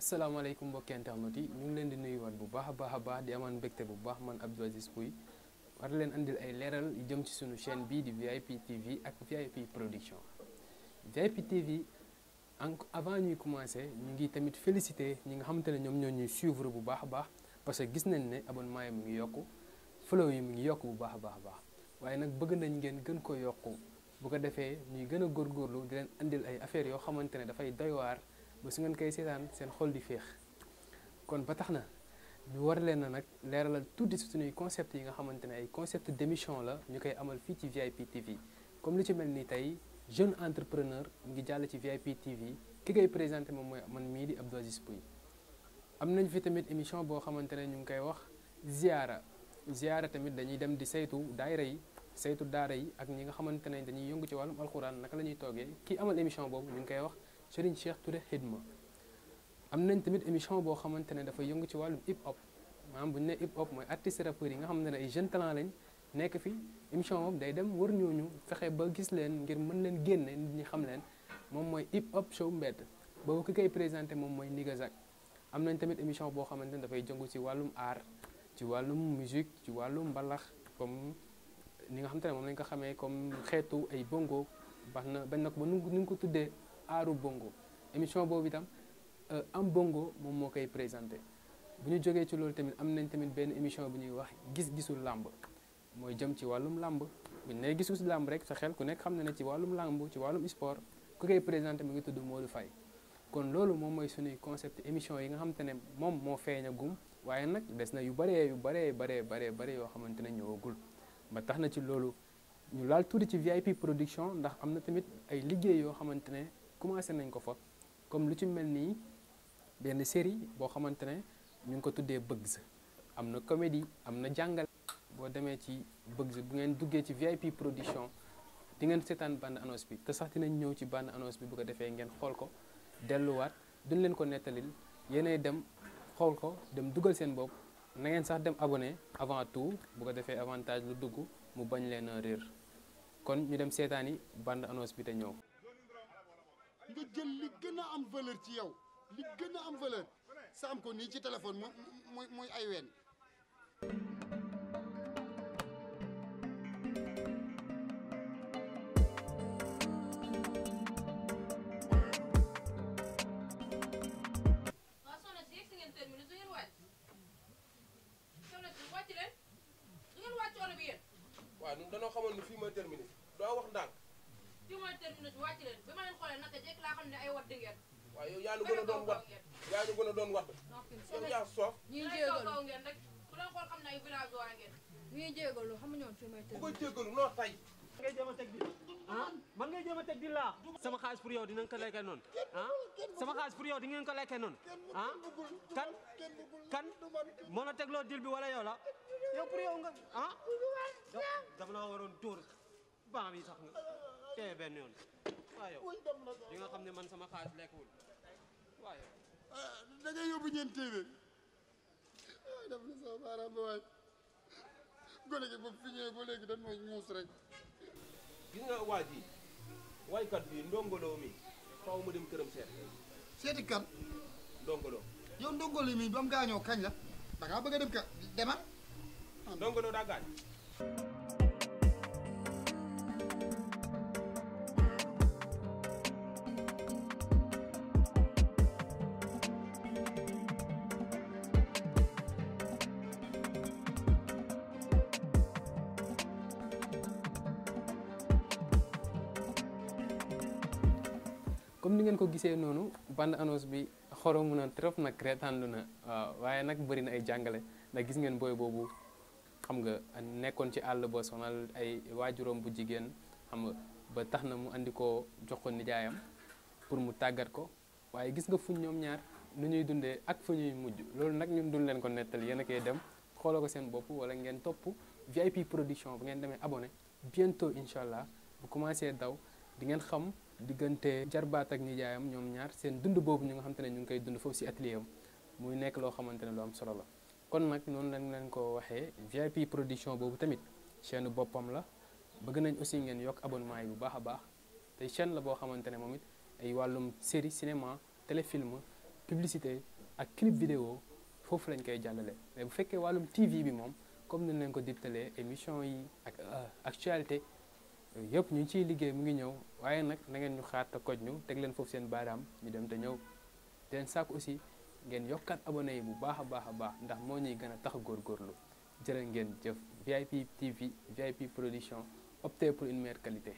asalaamaaleykum mbokki internet yi ñu ngi leen di nuyuwaat bu baax baax baax di amaan mbégte bu baax man Abdou Aziz Pouy war leen indil ay leeral yu jëm ci suñu chaine bii di VIP TV ak VIP production VIP TV en avant ñuy commencer ñu ngi tamit féliciter ñi nga xamante ne ñoom ñoo ñuy suivre bu baax a baax parce que gis nañ ne abonnement yi mu ngi yokk follow yi mu ngi yokku bu baax a baax a baax waaye nag bëgg nañ ngeen gën ko yokku bu ko defee ñuy gën a góorgóorlu di leen andil ay affaires yoo xamante ne dafay doy waar ba su ngeen koy seetaan seen xol di féex kon ba tax na ñu war leen na nag leeralal tuuti si suñuy concept yi nga xamante ne ay concept d'émission la ñu koy amal fii ci VIP TV comme lu ci mel ni tey jeune entrepreneur mu ngi jàll ci VIP TV ki koy présenté moom mooy man mii di Abdou Aziz Pouy am nañ fi tamit émission boo xamante ne ñu ngi koy wax ziyaara ziyaara tamit dañuy dem di saytu daayira yi saytu daara yi ak ñi nga xamante ne dañuy yëngu ci wàllum alxuraan naka la ñuy toogee ki amal émission boobu ñu ngi koy wax Serigne Cheikh Touré ma am nañ tamit émission boo xamante ne dafa yëngu ci wàllum hip hop maanaam bu ñu ne hip hop mooy artiste rappeurs yi nga xamante ne ay jeune talent lañ nekk fi émission day dem wër ñooñu fexe ba gis leen ngir mën leen génne nit xam leen moom mooy hip hop show mbedd présenté moom mooy Nigazak am nañ tamit émission boo xamante ne dafay jëngu ci wàllum art ci wàllum musique ci wàllum mbalax comme ni nga xamante ne moom lañ ko xamee comme xeetu ay bongo baax na bañ na ko ba nu ñu ko tuddee aaru bongo émission boobu itam euh, am bongo moom moo koy présenté bu ñu jógee ci loolu tamit am nañ tamit benn émission bu ñuy wax gis gisul làmb mooy jëm ci wàllum làmb bu ñu nee gis làmb rek sa xel ku nekk xam na ne ci wàllum làmb ci wàllum sport ku koy présenté mu ngi tudd Modou fay kon loolu moom mooy sunuy concept émission yi nga xamante ne moom moo feeñagum waaye nag des na yu bëree yu bëree bëree bëree bëri yoo xamante ne ñëwagul ba tax na ci loolu ñu laal tuuti ci VIP production ndax am na tamit ay liggéey yoo xamante ne commencé nañ ko fa comme lu ci mel nii benn série boo xamante ne ñu ngi ko tuddee Bugs am na comédie am na jàngale boo demee ci Bugs bu ngeen duggee ci VIP production di ngeen seetaan bande annonce bi te sax dinañ ñëw ci bande annonce bi bu ko defee ngeen xool ko delluwaat duñ leen ko nettalil yéenay dem xool ko dem dugal seen bopp na ngeen sax dem abonné avant tout bu ko defee avantage lu dugg mu bañ leen a réer kon ñu dem seetaani bande annonce bi te ñëw. nga jël li gën a am valeur ci yow li gën a am valeur sa am ko nii ci téléphone mu muy muy ay ween waaw ñun dañoo xamoon ni fii mooy terminé doo wax ndànk fii mooy terminus bi wàcc leen bi ma leen xoolee naka jekk laa xam ne ay wadd ngeen. waaw yow yaa ñu gën a doon wadd yaa ñu gën a doon wadd. yow yaa soof. ñuy jéegalu noo tay. man ngay jéem a teg di ah? ah sama xaalis pour yow dinañ ko lekkee noon ah sama xaalis pour yow ngeen ko lekkee noonu ah kan kan moo la tegloo dil bi wala yow la yow pour yow nga ah dama la waroon dóor baa bi sax nga teye benn yoon waaye yow li nga xam ne man sama xaalis lekkwul waaye ah, da ngay yóbbu ñeent téeméer a def na sama baaraam ba waay gone gi boobu fi ñëwee rek gis nga waa ji waykat bi ndongoloo mi faaw ma dem këram seet seeti kan ndongoloo yow ndongoloo mi ba mu gaañoo la da ngaa bëgg a dem ka demal ndongoloo daa gaañ comme ni ngeen ko gisee noonu bande annonce bi xoromu na trop nag reetaandu na waaye nag bëri na ay jàngale ndax gis ngeen booy boobu xam nga nekkoon ci àll ba sonal ay waajuram bu jigéen xam ba tax na mu indi ko jox ko nijaayam pour mu tàggat ko waaye gis nga fu ñoom ñaar nu ñuy dundee ak fu ñuy mujj loolu nag ñun duñ leen ko nettali yéen a koy dem xooloo ko seen bopp wala ngeen topp VIP production bu ngeen demee abonné bientôt incha allah bu commencé daw di ngeen xam. diggante jarbaat ak nijaayam ñoom ñaar seen dund boobu ñu nga xamante ne ñu ngi koy dund foofu si atelier am muy nekk loo xamante ne lu am solo la kon nag noonu lañ leen ko waxee VIP production boobu tamit chaîne boppam la bëgg nañ aussi ngeen yokk abonement yi bu baax a baax te chaîne la boo xamante ne moom it ay wàllum série cinéma téléfilm publicité ak clip vidéo foofu lañ koy jàllale mais bu fekkee wàllum TV bi moom comme ni leen ko diptalee émission yi ak euh, actualité yëpp ñu ngi ciy liggéey mu ngi ñëw waaye nag nangeen ñu xaar te koj ñu teg leen foofu seen baaraam ñu dem te ñëw te leen sàkk aussi ngeen yokkaat abonné yi bu baax a baax a baax ndax moo ñuy gën a tax góorlu jërë ngeen jëf VIP TV VIP production optez pour une meilleure qualité